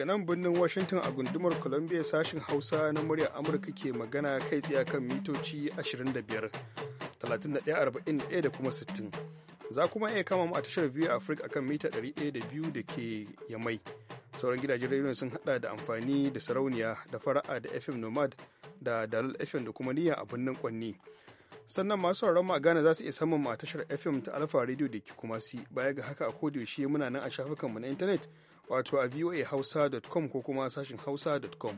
daga nan birnin washington a gundumar columbia sashin hausa na muryar amurka ke magana kai tsaye kan mitoci 25 31 da kuma 60 za kuma iya kama mu a tashar biyu afirka akan mita 102 da ke yamai sauran gidajen rediyon sun hada da amfani da sarauniya da fara'a da fm nomad da dalal fm da kuma niyya a birnin kwanni sannan masu sauraron mu a Ghana za su iya samun mu a tashar FM ta Alpha Radio da ke kuma si baya ga haka a yaushe muna nan a shafukanmu na intanet wato a voahausa.com ko kuma sashin hausa.com.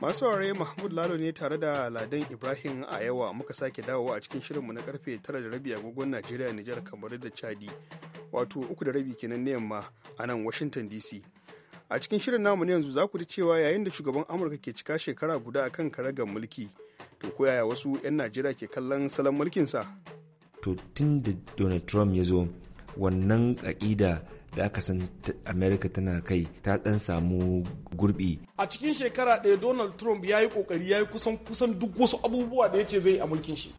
masu ware mahmud lalo ne tare da ladan ibrahim a yawa muka sake dawowa a cikin shirinmu na karfe 9:30 agogon najeriya nijar kamar da chadi wato uku da rabi kenan na yamma a nan washington dc a cikin shirin namu na yanzu za ku ji cewa yayin da shugaban amurka ke cika shekara guda a kan karagar mulki to yaya wasu 'yan najeriya ke kallon salon mulkinsa to tun da donald trump ya zo wannan aƙida da aka san america tana kai ta dan samu gurbi a cikin shekara ɗaya donald trump ya yi ƙoƙari ya yi kusan kusan duk wasu abubuwa da ya ce zai a mulkin shi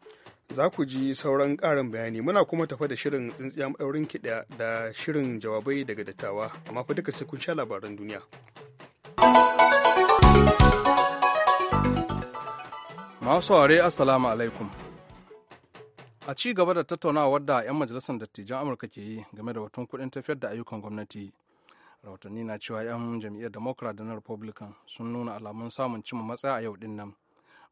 za ku ji sauran ƙarin bayani muna kuma tafa da shirin tsintsiya maɗaurin kiɗa da shirin jawabai daga dattawa amma fa duka sai kun sha labaran duniya. Masu ware Assalamu alaikum. A ci gaba da tattaunawar da 'yan majalisar dattijan Amurka ke yi game da batun kudin tafiyar da ayyukan gwamnati. Rahotanni na cewa 'yan jam'iyyar Democrat da na Republican sun nuna alamun samun cimma matsaya a yau din nan.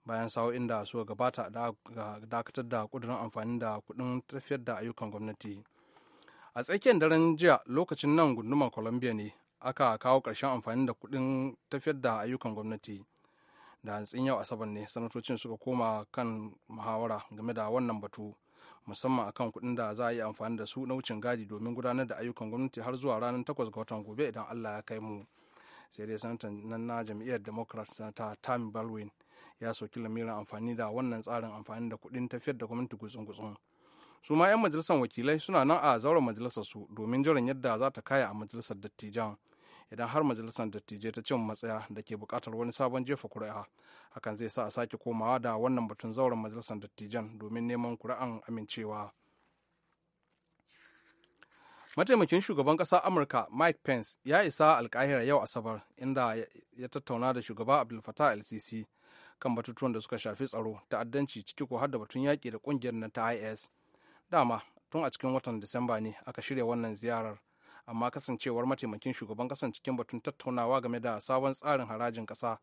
Bayan sawo inda su gabata dakatar da kudurin amfani da kudin tafiyar da ayyukan gwamnati. A tsakiyar daren jiya lokacin nan gundumar Columbia ne aka kawo ƙarshen amfani da kudin tafiyar da ayyukan gwamnati. da hantsin yau asabar ne sanatocin suka koma kan muhawara game da wannan batu musamman akan kuɗin da za a yi amfani da su na wucin gadi domin gudanar da ayyukan gwamnati har zuwa ranar takwas ga watan gobe idan allah ya kai mu sai dai sanatan nan na jam'iyyar democrat sanata tammy baldwin ya soki lamirin amfani da wannan tsarin amfani da kuɗin tafiyar da gwamnati gutsun-gutsun su ma 'yan majalisar wakilai suna nan a zauren majalisar su domin jiran yadda za ta kaya a majalisar dattijan idan har majalisar dattijai ta cin matsaya da ke bukatar wani sabon jefa kuri'a hakan zai sa a sake komawa da wannan batun zauren majalisar dattijan domin neman kuri'an amincewa mataimakin shugaban ƙasa amurka mike pence ya isa alkahira yau asabar inda ya tattauna da shugaba abdul fatah lcc kan batutuwan da suka shafi tsaro ta'addanci ciki ko har da batun yaƙi da ƙungiyar na ta is dama tun a cikin watan disamba ne aka shirya wannan ziyarar amma kasancewar mataimakin shugaban kasan cikin batun tattaunawa game da sabon tsarin harajin kasa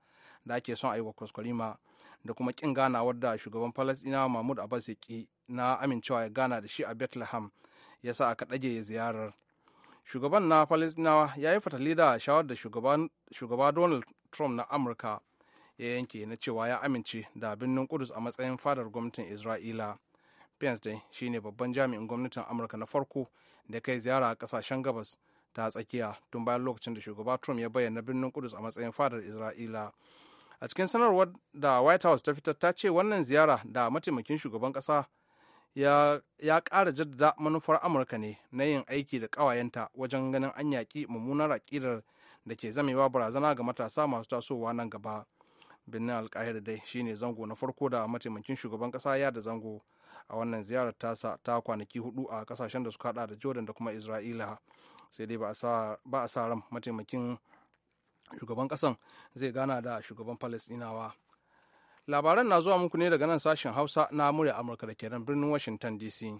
da ake son a yi wa kwaskwarima da kuma kin ganawar da shugaban falasɗinawa mahmud abbas ya na amincewa ya gana da shi a bethlehem ya sa aka ɗage ziyarar shugaban na falasɗinawa ya yi fatali da shawar da shugaba donald trump na amurka ya yanke na cewa ya amince da birnin kudus a matsayin fadar gwamnatin isra'ila pence dai shine babban jami'in gwamnatin amurka na farko da kai ziyara a kasashen gabas ta tsakiya tun bayan lokacin da shugaba trump ya bayyana birnin kudus a matsayin fadar isra'ila a cikin sanarwar da white house ta fitar ta ce wannan ziyara da mataimakin shugaban kasa ya kara jaddada manufar amurka ne na yin aiki da ƙawayenta wajen ganin an yaƙi mummunar aƙidar da ke zamewa barazana ga matasa masu tasowa nan gaba. birnin alkahira dai shine zango na farko da mataimakin shugaban kasa ya da zango a wannan ziyarar tasa ta kwanaki hudu a kasashen da suka hada da jordan da kuma isra'ila sai dai ba a sa ran mataimakin shugaban kasan zai gana da shugaban palestinawa labaran na zuwa muku ne daga nan sashen hausa na murya amurka da kenan birnin washington dc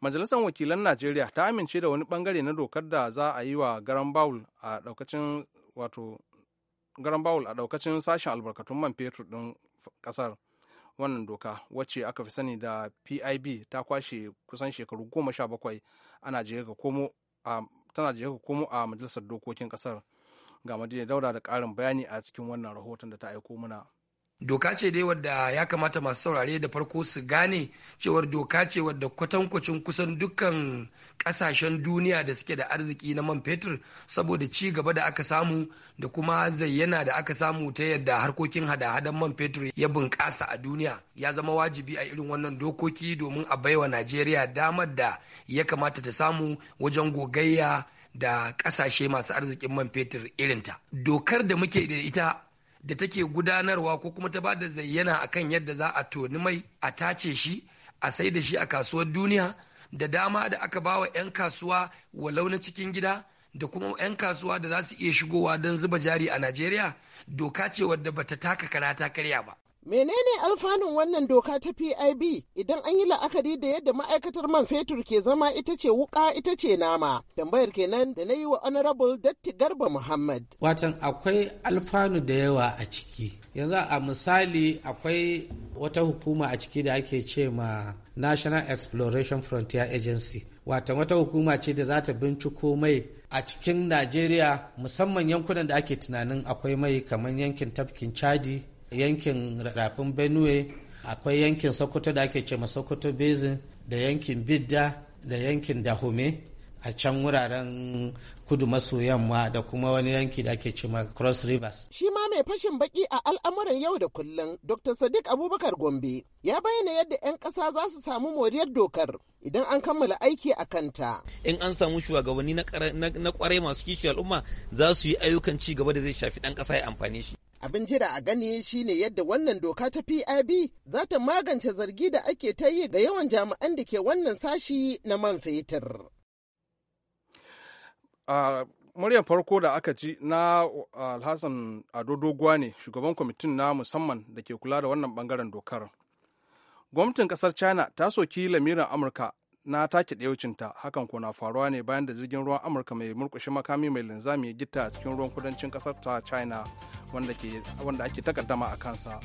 majalisar wakilan najeriya ta amince da wani bangare na dokar da za a yi wa garan bawul a daukacin wato garan bawul a daukacin sashen albarkatun man fetur ɗin ƙasar wannan doka wacce aka fi sani da pib ta kwashe kusan shekaru goma sha bakwai tana tana ga komo a majalisar dokokin ƙasar ga madina dauda da ƙarin bayani a cikin wannan rahoton da ta aiko mana. doka ce dai wadda ya kamata masu saurare da farko su gane cewar doka ce wadda kwatankwacin kusan dukkan kasashen duniya da suke da arziki na man fetur saboda ci gaba da aka samu da kuma zayyana da aka samu ta yadda harkokin hada-hadan man fetur ya bunƙasa a duniya ya zama wajibi a irin wannan dokoki domin a baiwa najeriya damar da ya kamata ta samu wajen gogayya da kasashe masu arzikin man fetur irinta dokar da muke da ita da take gudanarwa ko kuma ta ba da zayyana akan yadda za a toni mai a tace shi a sai da shi a kasuwar duniya da dama da aka ba wa 'yan kasuwa wa na cikin gida da kuma 'yan kasuwa da za su iya shigowa don zuba jari a najeriya doka ce wadda bata taka karata karya ba Menene alfanun wannan doka ta PIB idan an yi la'akari da yadda ma'aikatar man fetur ke zama ita ce wuka ita ce nama? Tambayar kenan da na yi wa Honorable Datti Garba Muhammad. Watan akwai alfanu da yawa a ciki. Yanzu a misali akwai wata hukuma a ciki da ake ce ma National Exploration Frontier Agency. Watan wata hukuma ce da za ta binciko mai a cikin Najeriya musamman yankunan da ake tunanin akwai mai kamar yankin tafkin Chadi yankin rafin benue akwai yankin sokoto da ake ce ma sokoto basin da yankin bidda da yankin dahome a can wuraren kudu maso yamma da kuma wani yanki da ake ce ma cross rivers. Shi ma mai fashin baki a al'amuran yau da kullum Dr. Sadiq Abubakar Gombe ya bayyana yadda 'yan kasa za su samu moriyar dokar idan an kammala aiki a kanta. In an samu shugabanni na kwarai masu kishi al'umma za su yi ayyukan ci gaba da zai shafi ɗan ƙasa ya amfani shi. Abin jira a gani shine yadda wannan doka ta PIB za ta magance zargi da ake ta yi ga yawan jami'an da ke wannan sashi na man fetur. muryar farko da aka ji na Alhassan Ado Doguwa ne shugaban kwamitin na musamman da ke kula da wannan bangaren dokar. Gwamnatin kasar China ta soki lamirin Amurka na take ɗaucinta hakan ko na faruwa ne bayan da jirgin ruwan amurka mai murkushe makami mai linzami ya gitta a cikin ruwan kudancin ƙasar ta china wanda ake takaddama a kansa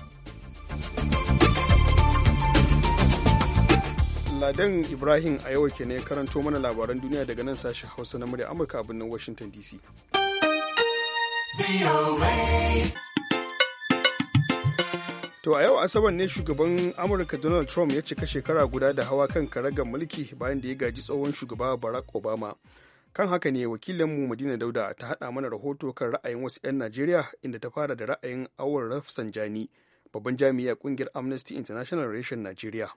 ladan ibrahim a yau ke ne karanto mana labaran duniya daga nan sashen hausa na murya amurka a birnin washington dc To a yau Asabar ne shugaban Amurka Donald Trump ya cika shekara guda da hawa kan karagar mulki bayan da ya gaji tsohon shugaba Barack Obama. Kan haka ne mu Madina Dauda ta haɗa mana rahoto kan ra'ayin wasu 'yan Najeriya inda ta fara da ra'ayin Awar Rafsanjani, babban jami'a kungiyar Amnesty International Reshen Najeriya.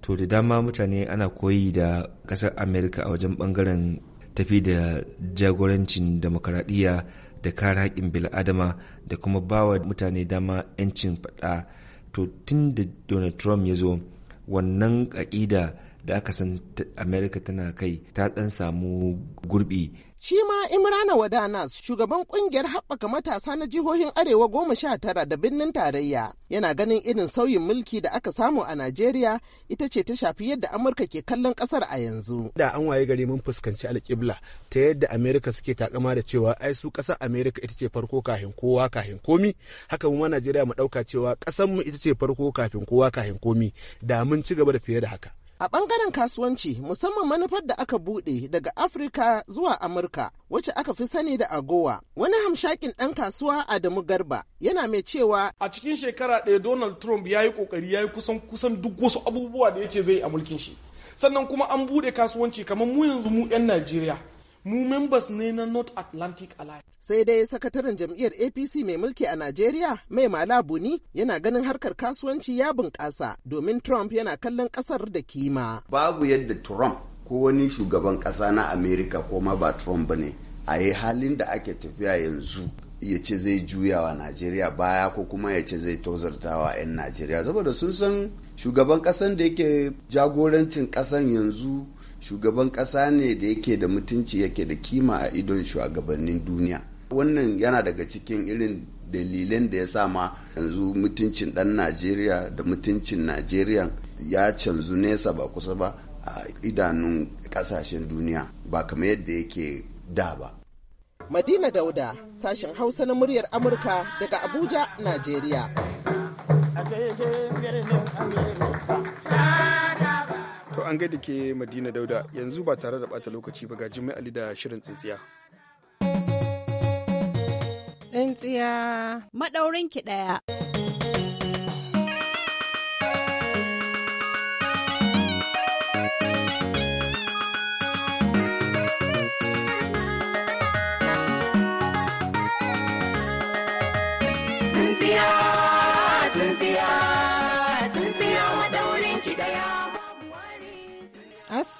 To da dama mutane ana koyi da kasar Amerika a wajen bangaren tafi da jagorancin demokaradiyya da kare haƙƙin bil'adama da kuma bawa mutane dama 'yancin faɗa to tun da donald trump ya zo wannan ƙa'ida da aka san america tana kai ta ɗan samu gurbi Shi ma Imrana Wadanas, shugaban kungiyar haɓaka matasa na jihohin Arewa goma sha tara da birnin tarayya, yana ganin irin sauyin mulki da aka samu a Najeriya ita ce ta shafi yadda Amurka ke kallon ƙasar a yanzu. Da an waye gari mun fuskanci alƙibla ta yadda Amerika suke takama da cewa ai su ƙasar Amerika ita ce farko kafin kowa kafin komi, haka mu ma Najeriya mu ɗauka cewa ƙasar mu ita ce farko kafin kowa kafin komi, da mun ci gaba da fiye da haka. A ɓangaren kasuwanci musamman manufar da aka buɗe daga Afirka zuwa Amurka wacce aka fi sani da agowa. Wani hamshakin ɗan kasuwa Adamu Garba yana mai cewa a cikin shekara ɗaya Donald Trump ya yi ƙoƙari ya yi kusan kusan duk wasu abubuwa da ya ce zai yi a mulkin shi. Sannan kuma an buɗe kasuwanci kamar mu yanzu mu 'yan Najeriya. mu members ne na north atlantic alliance sai dai sakataren jam'iyyar apc mai mulki a najeriya mai mala buni yana ganin harkar kasuwanci ya bunƙasa domin trump yana kallon ƙasar da kima babu yadda trump ko wani shugaban ƙasa na america ko ma ba trump ba ne a yi halin da ake tafiya yanzu ya ce zai juya wa najeriya baya ko kuma ya ce zai wa 'yan najeriya saboda sun san shugaban ƙasan da yake jagorancin ƙasan yanzu shugaban ƙasa ne da yake da mutunci yake da kima a idon shugabannin duniya wannan yana daga cikin irin dalilan da ya sama yanzu mutuncin ɗan najeriya da mutuncin najeriya ya canzu nesa ba kusa ba a idanun ƙasashen duniya ba kamar yadda yake da ba madina dauda sashen hausa na muryar amurka daga abuja najeriya an gaida ke Madina Dauda yanzu ba tare da bata lokaci ba ga jimai Ali da shirin tsintsiya. Tsintsiya. Maɗaurinki ɗaya.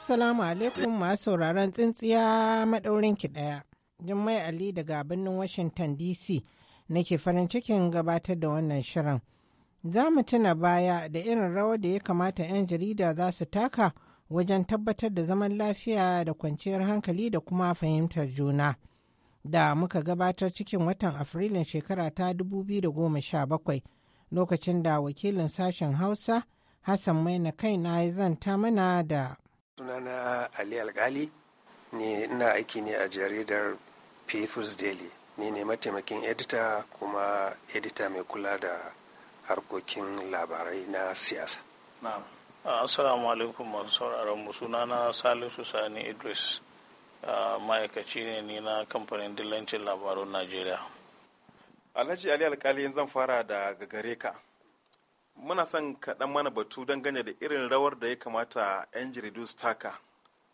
Assalamu alaikum masu sauraron tsintsiya maɗaurin ki ɗaya. Jummai Ali daga birnin Washington DC nake farin cikin gabatar da wannan shirin. Za mu tuna baya da irin rawar da ya kamata 'yan jarida za su taka wajen tabbatar da zaman lafiya da kwanciyar hankali da kuma fahimtar juna. Da muka gabatar cikin watan Afrilun shekara ta 2017 lokacin da wakilin sashen Hausa Hassan Maina kaina ya zanta mana da sunana ali alkali ne ina aiki ne a jaridar people's daily ni ne mataimakin edita kuma edita mai kula da harkokin labarai na siyasa assalamu alaikum masu sauraron mu sunana salisu sani idris ma'aikaci ne ni na kamfanin dillancin labarun najeriya alhaji ali alkali zan fara da gagare ka muna son kaɗan mana batu don dangane da irin rawar da ya kamata 'yan jaridu su taka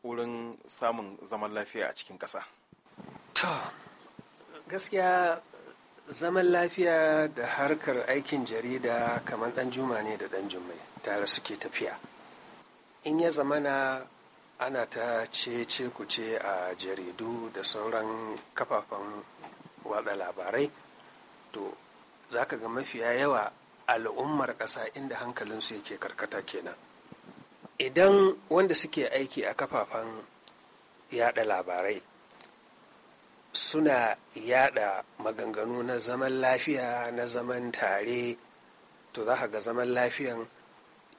wurin samun zaman lafiya a cikin ƙasa. to gaskiya zaman lafiya da harkar aikin jarida kamar ɗan juma ne da ɗan jummai tare suke tafiya in ya zamana ana ta ce ku ce a jaridu da sauran kafafen watsa labarai to za ka ga mafiya yawa al'ummar ƙasa inda hankalinsu yake karkata kenan idan wanda suke aiki a kafafen yada labarai suna yada maganganu na zaman lafiya na zaman tare to za ga zaman lafiyan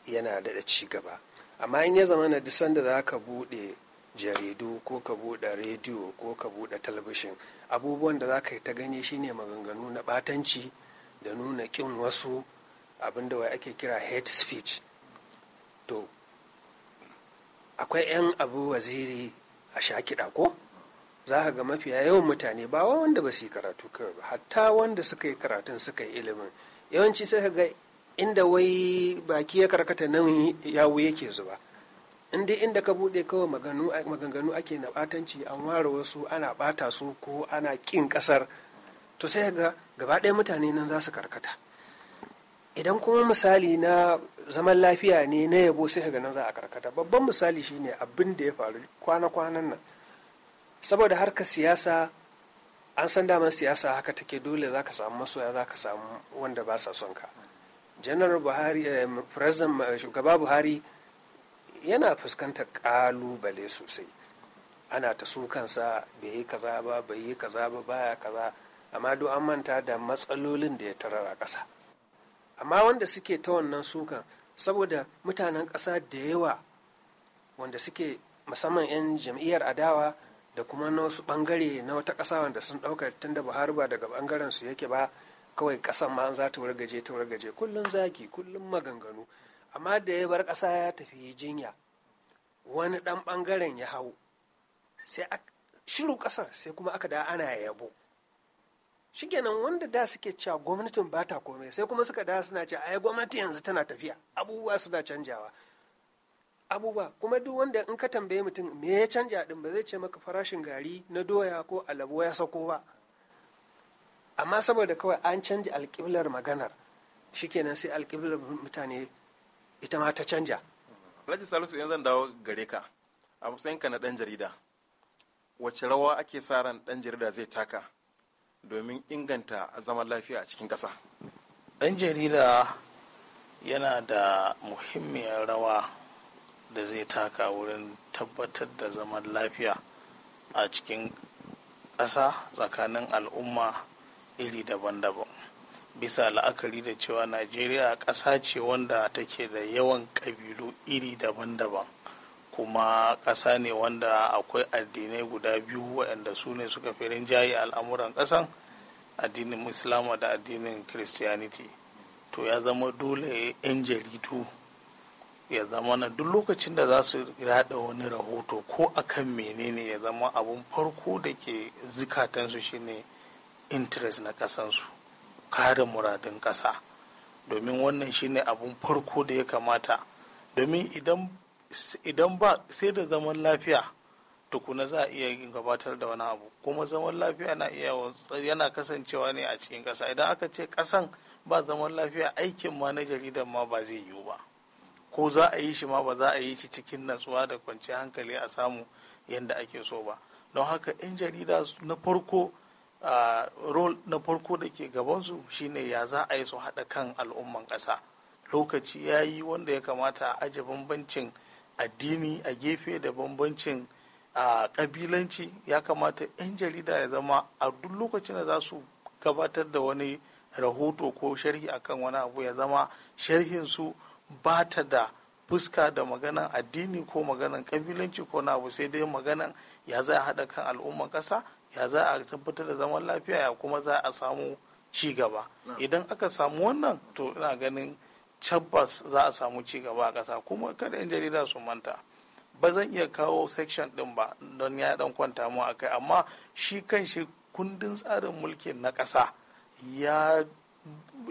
yana da ci gaba amma in ya zama na disan sanda za ka buɗe jaridu ko ka buɗe rediyo ko ka buɗe talabishin abubuwan da za ka yi ta gani shine maganganu na ɓatanci da nuna ƙin wasu abinda wai ake kira hate speech to akwai 'yan abu waziri a shakiɗa ko za ka ga mafiya yawan mutane ba wanda ba su yi karatu kawai ba hatta wanda suka yi karatun suka yi ilimin yawanci sai ka ga inda wai baki ya karkata nan yawo yake zuba inda inda ka buɗe kawai maganganu ake na batanci an ware wasu ana bata su ko ana ƙin kasar to sai ga gaba ɗaya mutane nan za su karkata idan kuma misali na zaman lafiya ne na yabo sai ga nan za a karkata babban misali shine abin da ya faru kwana-kwanan nan saboda harka siyasa an san daman siyasa haka take dole za ka samu masoya za ka samu wanda ba sa son ka janar buhari eh, eh, shugaba buhari yana fuskantar kalubale sosai ana ta sukansa bai yi kaza ba bai yi kaza ba baya kaza amma do an manta da matsalolin da ya tarar a kasa. amma wanda suke ta wannan sukan saboda mutanen ƙasa da yawa wanda suke musamman 'yan jam'iyyar adawa da kuma na wasu ɓangare na wata ƙasa wanda sun ɗauka tunda buhari ba daga ɓangaren su yake ba kawai ƙasan ma za ta wargaje ta wargaje kullum zaki kullum maganganu amma da ya bar ƙasa ya tafi jinya wani ɗan ɓangaren ya hau sai shiru ƙasar sai kuma aka da ana yabo shikenan wanda da suke cewa gwamnatin ba ta komai sai kuma suka da suna cewa ai gwamnati yanzu tana tafiya abubuwa suna canjawa abubuwa kuma duk wanda in ka tambaye mutum me ya canja din ba zai ce maka farashin gari na doya ko alabo ya sako ba amma saboda kawai an canja alƙiblar maganar shikenan sai alƙiblar mutane ita ma ta canja Alhaji Salisu yanzu zan dawo gare ka a matsayinka na ɗan jarida wace rawa ake sa ran ɗan jarida zai taka domin inganta zaman lafiya a cikin ƙasa. ɗan jarida yana da muhimmiyar rawa da zai taka wurin tabbatar da zaman lafiya a cikin ƙasa tsakanin al'umma iri daban-daban bisa la'akari da cewa najeriya ƙasa ce wanda take da yawan ƙabilu iri daban-daban kuma ƙasa ne wanda akwai addinai guda biyu waɗanda su ne suka fi rinjaye al'amuran ƙasan addinin islama da addinin christianity to ya zama dole 'yan jaridu ya zama na duk lokacin da za su rada wani rahoto ko akan menene ya zama abun farko da ke zikatansu shine interest na ƙasansu kare muradin ƙasa domin wannan shine abun farko da ya kamata domin idan idan ba sai da zaman lafiya tukuna za a iya gabatar da wani abu kuma zaman lafiya na iya yana kasancewa ne a cikin ƙasa idan aka ce ƙasan ba zaman lafiya aikin ma na jaridan ma ba zai yiwu ba ko za a yi shi ma ba za a yi shi cikin natsuwa da kwanciyar hankali a samu yadda ake so ba don haka 'yan jarida na farko rol na farko da ke gabansu shine ya za a yi su haɗa kan al'umman ƙasa lokaci ya yi wanda ya kamata a aje bambancin addini a gefe da bambancin a kabilanci ya kamata 'yan jarida ya zama a duk lokacin da za su gabatar da wani rahoto ko sharhi akan wani abu ya zama sharhin su ba ta da fuska da maganan addini ko maganan kabilanci ko na abu sai dai maganan ya za a haɗa kan al'umman ƙasa ya za a tabbatar da zaman lafiya ya kuma za a samu ci gaba idan aka samu wannan to ina ganin tabbas za a samu ci gaba a ƙasa kuma kada 'yan jarida su manta ba zan iya kawo section din ba don ya dan kwanta mu akai amma shi kan shi kundin tsarin mulki na ƙasa ya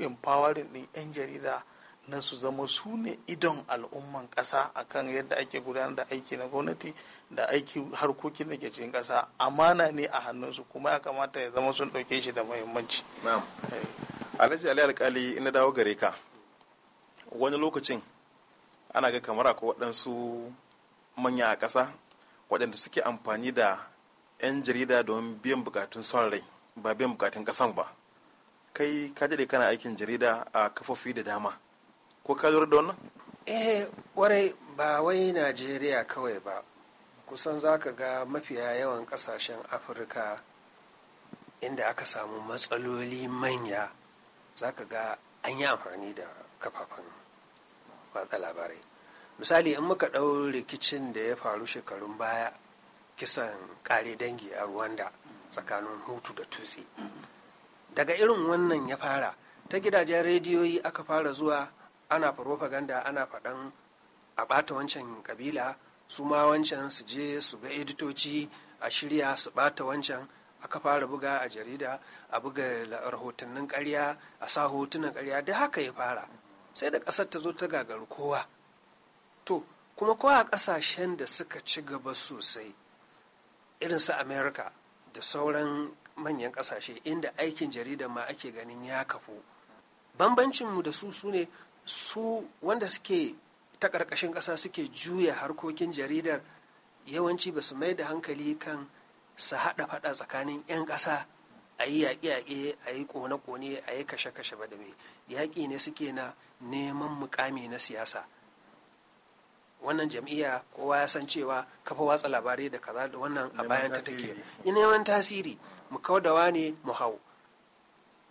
empowering din 'yan jarida na su zama su ne idon al'umman ƙasa akan yadda ake gudanar da aiki na gwamnati da aiki harkokin da ke cikin ƙasa amana ne a hannunsu kuma ya kamata ya zama sun ɗauke shi da muhimmanci. Eh. Alhaji Ali Alkali ina dawo gare ka. wani lokacin ana ga kamar akwai waɗansu manya a ƙasa waɗanda suke amfani da 'yan jarida don biyan bukatun son rai ba biyan bukatun ƙasan ba kai ka daɗe kana aikin jarida a kafofi da dama ko ka lura da wannan eh warai ba wai najeriya kawai ba kusan za ka ga mafiya yawan ƙasashen afirka inda aka samu matsaloli manya za ka ga an yi amfani da kafafen watsa labarai misali in muka ɗau rikicin da ya faru shekarun baya kisan kare dangi a rwanda tsakanin hutu da tutsi daga irin wannan ya fara ta gidajen rediyoyi aka fara zuwa ana propaganda ana faɗan a ɓata wancan kabila su ma wancan su je su ga editoci a shirya su ɓata wancan aka fara buga a jarida a buga rahotannin karya a sa hotunan karya da haka ya fara sai da ƙasar ta zo ta gagari kowa to kuma kowa a ƙasashen da suka ci gaba sosai irin su america da sauran manyan ƙasashe inda aikin jarida ma ake ganin ya kafu bambancinmu da su su ne su wanda suke ta ƙarƙashin ƙasa suke juya harkokin jaridar yawanci ba su mai da hankali kan su haɗa faɗa tsakanin 'yan ƙasa a yi yaƙe-yaƙe a yi ƙone-ƙone a yi kashe-kashe ba da mai yaƙi ne suke na neman mukami na siyasa wannan jam'iyya kowa ya san cewa kafa watsa labarai da kaza da wannan a bayan ta take neman tasiri mu kaudawa ne mu hau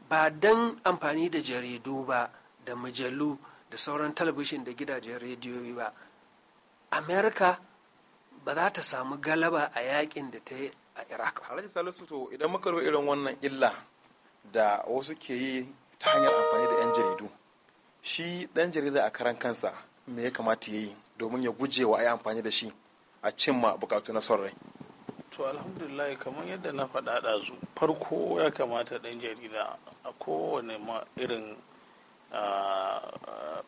ba dan amfani da jaridu ba da mujallu da sauran talabishin da gidajen rediyoyi ba amerika ba za ta samu galaba a yakin da ta yi a iraq ba. salisu to idan muka irin wannan illa da wasu ke yi ta hanyar amfani da 'yan jaridu shi ɗan jarida a karan kansa me ya kamata ya yi domin ya guje wa a amfani da shi a cimma bukatu na son rai to alhamdulillah kamar yadda na faɗa ɗazu farko ya kamata ɗan jarida a kowane irin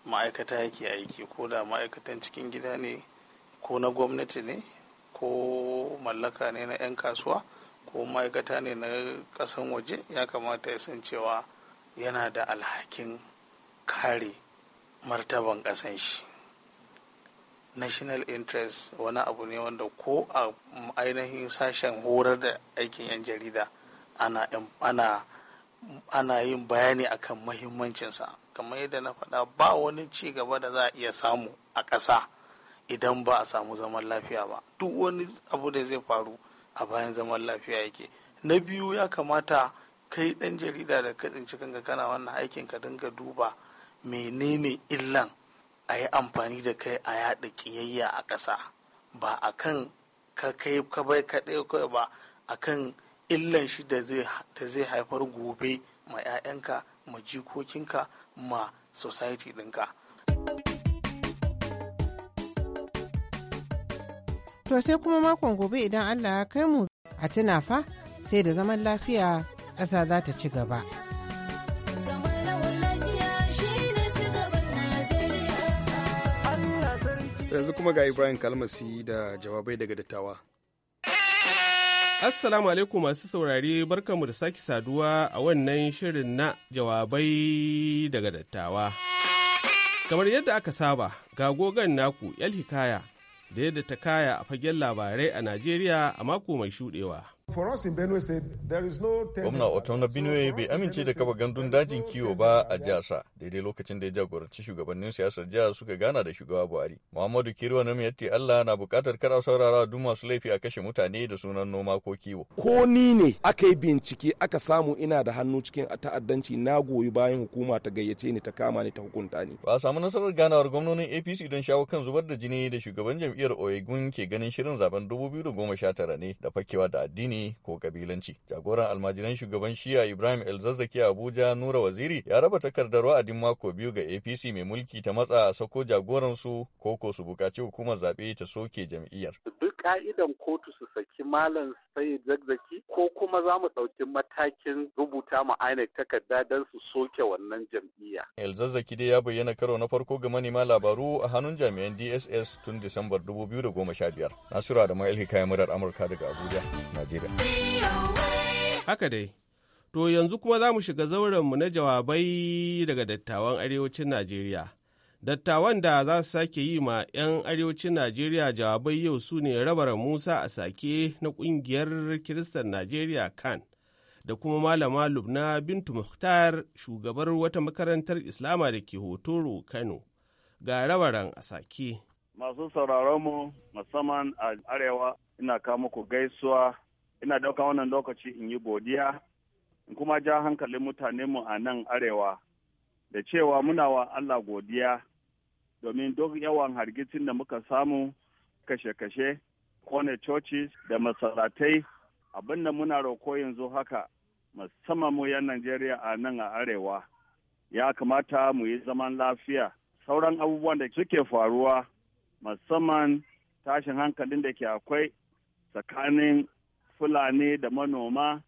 ma'aikata yake aiki ko da ma'aikatan cikin gida ne ko na gwamnati ne ko mallaka ne na 'yan kasuwa ko ma'aikata ne na ƙasan waje ya kamata ya san cewa yana da alhakin kare martaban ƙasan shi national interest wani abu ne wanda ko a ainihin sashen horar da aikin 'yan jarida ana, yin bayani akan mahimmancinsa kamar yadda na faɗa ba wani ci gaba da za a iya samu a ƙasa idan ba a samu zaman lafiya ba duk wani abu da zai faru a bayan zaman lafiya yake na biyu ya kamata kai ɗan jarida da ka tsinci kanka kana wannan aikin ka dinga duba menene illan a yi amfani da kai a yaɗa ƙiyayya a ƙasa ba a kan ka kai ka bai kaɗai kai ba a kan illan shi da zai haifar gobe ma 'ya'yanka ma jikokinka ma society ɗinka. To sai kuma makon gobe idan Allah ya kai mu a tuna sai da zaman lafiya ƙasa za ta ci gaba. yanzu kuma ga Ibrahim Kalmasi da jawabai daga dattawa. Assalamu alaikum masu saurari barkanmu da sake saduwa a wannan shirin na jawabai daga dattawa. Kamar yadda aka saba, ga gogon naku 'yar Hikaya da yadda ta kaya a fagen labarai a Najeriya a mako mai shuɗewa. Gwamna Otona binue bai amince da kaba gandun dajin kiwo ba a jasa daidai lokacin da ya jagoranci shugabannin siyasar jiha suka gana da shugaba Buhari. Muhammadu Kiriwa na miyatti Allah na bukatar kara saurara duk masu laifi a kashe mutane da sunan noma ko kiwo. Ko ni ne aka yi bincike aka samu ina da hannu cikin ta'addanci na goyi bayan hukuma ta gayyace ni ta kama ni ta hukunta ni. Ba a samu nasarar ganawar gwamnonin APC don shawo kan zubar da jini da shugaban jam'iyyar Oyegun ke ganin shirin zaben tara ne da fakewa da addini addini ko kabilanci. Jagoran almajiran shugaban Shi'a Ibrahim el Elzazzaki Abuja Nura Waziri ya raba takardar wa'adin mako biyu ga APC mai mulki ta matsa a sako jagoransu ko ko su bukaci hukumar zaɓe ta soke jam'iyyar. ka'idan kotu su saki malam sai zagzaki ko kuma za mu ɗauki matakin rubuta mu takarda don su soke wannan jam'iyya. zazzaki dai ya bayyana karo na farko ga manema labaru a hannun jami'an DSS tun Disambar 2015. Nasiru da Ma'il Hikaya Murar Amurka daga Abuja, Najeriya. Haka dai, to yanzu kuma za mu shiga zauren mu na jawabai daga dattawan arewacin Najeriya. Dattawan da za su sake yi ma 'yan arewacin Najeriya jawabai yau su ne rabara Musa a sake na ƙungiyar Kiristan Najeriya kan da kuma Malama Lubna Bintu muhtar shugabar wata makarantar Islama da ke Hotoro Kano ga rabaran a sake. Masu sauraronmu musamman a arewa ina kama ku gaisuwa ina ɗauka wannan lokaci in yi godiya in kuma ja hankalin mutanenmu a nan arewa da cewa muna wa Allah godiya domin duk yawan hargitsin da muka samu kashe-kashe kone churches da Abin abinda muna roko yanzu haka musamman mu 'yan Najeriya a nan a arewa ya kamata mu yi zaman lafiya sauran abubuwan da suke faruwa musamman tashin hankalin da ke akwai tsakanin fulani da manoma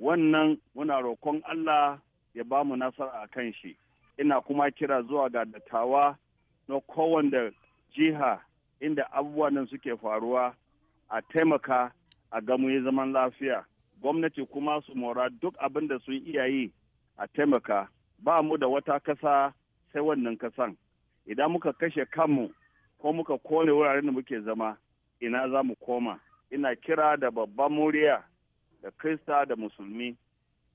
wannan muna roƙon Allah ya ba mu nasara a kan shi ina kuma kira zuwa ga dattawa na kowanne jiha inda abubuwan nan suke faruwa a taimaka a gamu ya zaman lafiya gwamnati kuma su mora duk abin da sun iya yi a taimaka ba mu da wata kasa sai wannan kasan idan muka kashe kanmu ko muka kone wuraren da muke zama ina za mu koma ina kira da babban muriya da krista da musulmi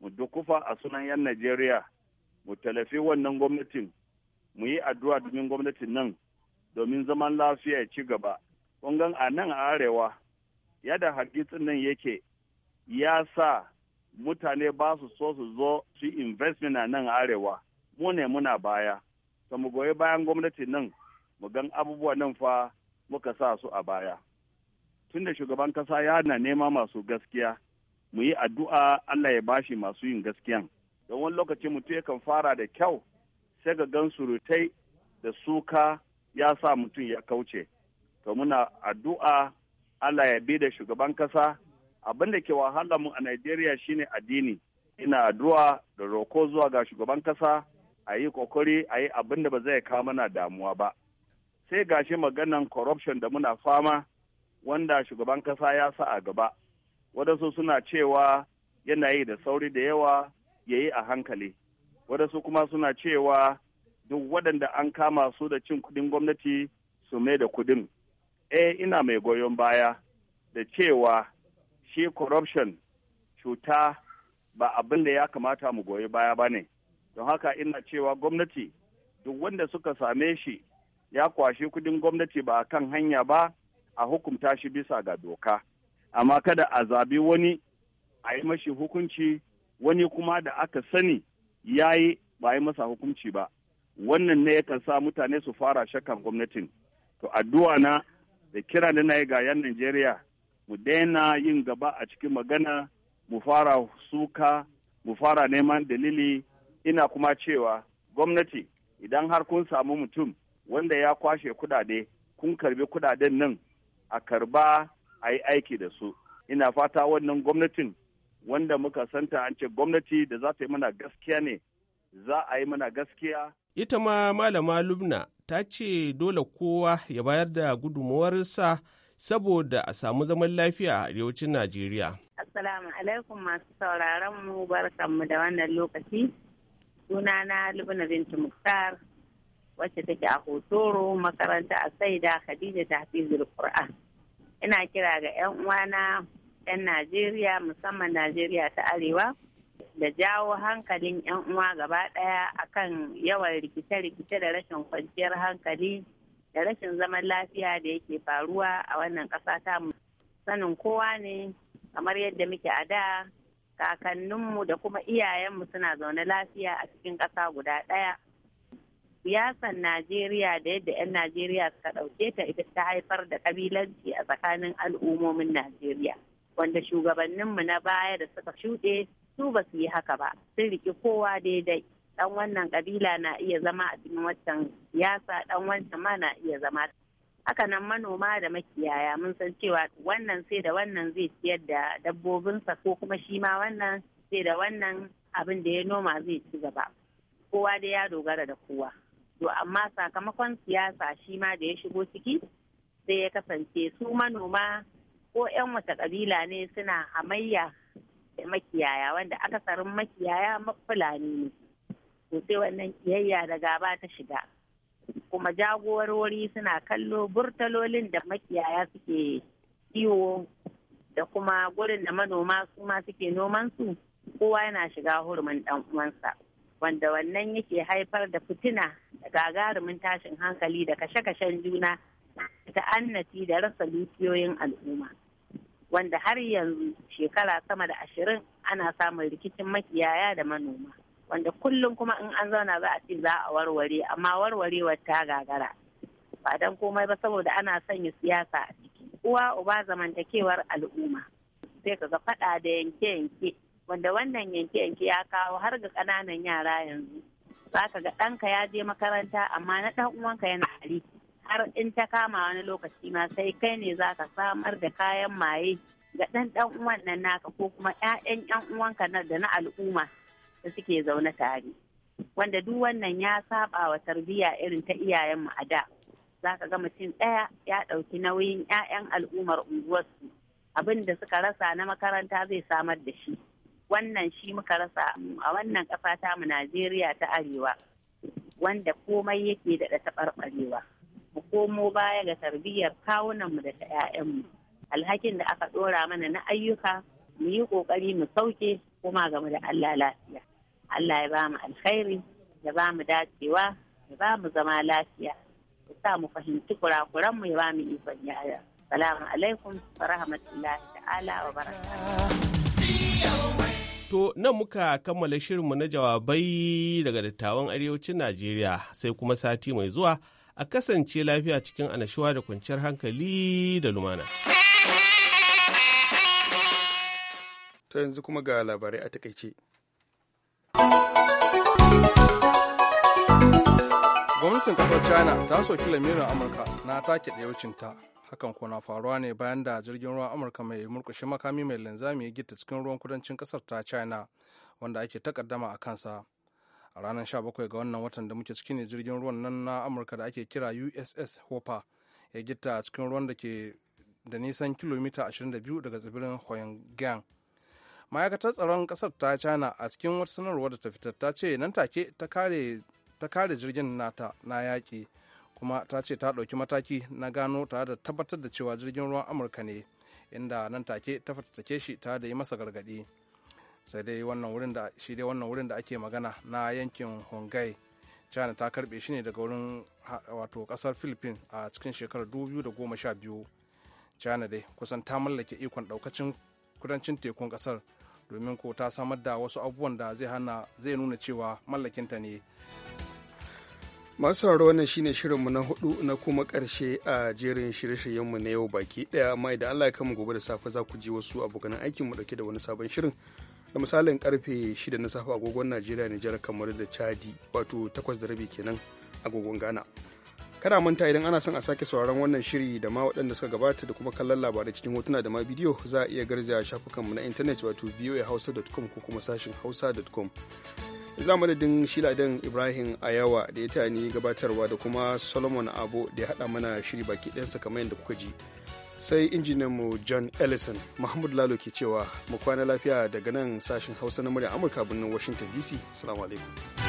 mu dukufa a sunan 'yan najeriya mu talafi wannan gwamnatin mu yi addu'a domin gwamnatin nan domin zaman lafiya ya ci gaba gan a nan arewa yadda hargitsin nan yake ya sa mutane ba su so su zo su investment a nan arewa mu ne muna baya ta mu goyi bayan gwamnatin nan mu gan abubuwa nan fa muka sa su a baya tun da shugaban kasa ya na nema masu gaskiya mu yi addu'a Allah ya bashi masu yin gaskiyan don wani lokaci mutum yakan fara da kyau sai ga gan surutai da suka ya sa mutum ya kauce to muna addu'a Allah ya bi da shugaban kasa abin da ke wahala mu a Najeriya shine addini ina addu'a da roko zuwa ga shugaban kasa a yi kokari a yi abin da ba zai kawo mana damuwa ba sai gashi maganan corruption da muna fama wanda shugaban kasa ya sa a gaba wadansu suna cewa yana yi da sauri da yawa ya yi a hankali waɗansu kuma suna cewa duk waɗanda an kama su da cin kuɗin gwamnati su mai da kuɗin eh ina mai goyon baya da cewa shi corruption cuta ba abin da ya kamata mu goyi baya ba ne don haka ina cewa gwamnati duk wanda suka same shi ya kwashe kudin gwamnati ba a kan hanya ba a hukumta shi bisa ga doka amma kada a zabi wani a yi mashi hukunci wani kuma da aka sani ya yi ba yi masa hukunci ba wannan ne yakan sa mutane su fara shakan gwamnatin to addu'a na da kira da na yi ga yan najeriya mu daina yin gaba a cikin magana mu fara suka mu fara neman dalili ina kuma cewa gwamnati idan har kun samu mutum wanda ya kwashe kudade kun karbi kudaden nan a karba a yi aiki da su ina fata wannan gwamnatin wanda muka santa an ce gwamnati da za ta yi mana gaskiya ne za a yi mana gaskiya. Ita ma malama Lubna ta ce dole kowa ya bayar da gudunmawarsa saboda a samu zaman lafiya a arewacin Najeriya. Assalamu alaikum masu sauraron mu barkanmu da wannan lokaci. Sunana Lubna Binti Muktar wacce take a Hotoro makaranta a Saida Khadija ta Qur'an. Ina kira ga 'yan uwana 'yan Najeriya musamman Najeriya ta Arewa da jawo hankalin 'yan uwa gaba ɗaya kan yawan rikice-rikice da rashin kwanciyar hankali da rashin zaman lafiya da yake faruwa a wannan ƙasa ta sanin kowa ne kamar yadda muke a da kakanninmu da kuma iyayenmu suna zaune lafiya a cikin ƙasa guda ɗaya. siyasar Najeriya da yadda 'yan Najeriya suka ɗauke ta ita ta haifar da ƙabilanci a tsakanin al'ummomin Najeriya. wanda shugabanninmu na baya da suka shuɗe su ba su yi haka ba sun riki kowa daidai dan wannan kabila na iya zama a cikin wancan siyasa dan wancan ma na iya zama haka nan manoma da makiyaya mun san cewa wannan sai da wannan zai ciyar da dabbobinsa ko kuma shi ma wannan sai da wannan abin da ya noma zai ci gaba kowa dai ya dogara da kowa to amma sakamakon siyasa shi ma da ya shigo ciki sai ya kasance su manoma ko 'yan wata kabila ne suna hamayya da makiyaya wanda aka sarin makiyaya fulani ne to sai wannan kiyayya da gaba ta shiga kuma jagorori suna kallo burtalolin da makiyaya suke kiwo da kuma gurin da manoma su ma suke noman kowa yana shiga hurumin dan uwansa wanda wannan yake haifar da fitina da gagarumin tashin hankali da kashe-kashen juna ta'annati da rasa dukiyoyin al'umma. wanda har yanzu shekara sama da ashirin ana samun rikicin makiyaya da manoma wanda kullum kuma in an zauna za a ce za a warware amma warwarewar ta gagara ba don komai ba saboda ana sanya siyasa a ciki uwa uba zamantakewar al'umma sai ka ga faɗa da yanke-yanke wanda wannan yanke-yanke ya kawo har ga ƙananan yara yanzu za ka ga ɗanka ya je makaranta amma na ɗan uwanka yana aliki har in ta kama wani lokaci ma sai kai ne za ka samar da kayan maye ga ɗan ɗan uwan nan naka ko kuma 'ya'yan 'yan uwanka na da na al'umma da suke zaune tare wanda duk wannan ya saba wa tarbiyya irin ta iyayen mu a da za ka ga mutum ɗaya ya ɗauki nauyin 'ya'yan al'ummar unguwarsu abin da suka rasa na makaranta zai samar da shi wannan shi muka rasa a wannan ƙasa ta mu najeriya ta arewa wanda komai yake da taɓarɓarewa. komo baya ga tarbiyyar kawunanmu da ta 'ya'yanmu alhakin da aka ɗora mana na ayyuka mu yi ƙoƙari mu sauke kuma game da Allah lafiya Allah ya ba mu alkhairi ya ba mu dacewa ya ba mu zama lafiya ya sa mu fahimci kurakuranmu ya ba mu ikon yaya salamu alaikum wa rahmatullahi ta'ala wa baraka To nan muka kammala shirinmu na jawabai daga dattawan arewacin Najeriya sai kuma sati mai zuwa a kasance lafiya cikin anashuwa da kwanciyar hankali da lumana. To yanzu kuma ga labarai a takaice. Gwamnatin ƙasar China ta soki lamirin Amurka na take wucinta Hakan ko na faruwa ne bayan da jirgin ruwan Amurka mai murkushe makami mai linzami ya gita cikin ruwan kudancin ƙasar ta China wanda ake takaddama a kansa. a ranar 17 ga wannan watan da muke cikin ne jirgin ruwan nan na amurka da ake kira uss hopper ya gita a cikin ruwan da ke da nisan kilomita 22 daga tsibirin Pyongyang. Ma'aikatar tsaron kasar ta China a cikin wata sanarwa da ta fitar ta ce nan take ta kare jirgin nata na yaƙi kuma ta ce ta ɗauki mataki na gano tare da tabbatar da cewa jirgin ruwan Amurka ne inda nan take ta fatattake shi ta da yi masa gargaɗi. sai dai wannan wurin da shi dai wannan wurin da ake magana na yankin hongai china ta karbe shi ne daga wurin wato kasar philippines a cikin shekarar 2012 china dai kusan ta mallake ikon daukacin kudancin tekun kasar domin ko ta samar da wasu abubuwan da zai hana zai nuna cewa mallakinta ne masu sauraro wannan shine shirinmu na hudu na kuma karshe a jerin shirye mu na yau baki daya amma idan Allah ya kama gobe da safe za ku ji wasu abokan aikinmu dauke da wani sabon shirin da misalin karfe 6 na safe agogon najeriya nijar kamar da chadi wato 8 da rabi kenan agogon ghana kana manta idan ana son a sake sauraron wannan shiri da ma waɗanda suka gabata da kuma kallon labarai cikin hotuna da ma bidiyo za a iya garzaya shafukanmu na intanet wato voahausa.com ko kuma sashin hausa.com za madadin shiladen ibrahim ayawa da ya tani gabatarwa da kuma solomon abo da ya haɗa mana shiri baki ɗansa kamar yadda kuka ji sai mu john ellison mahmud lalo ke cewa mu kwana lafiya daga nan sashen hausa na murya amurka birnin washington dc salamu alaikum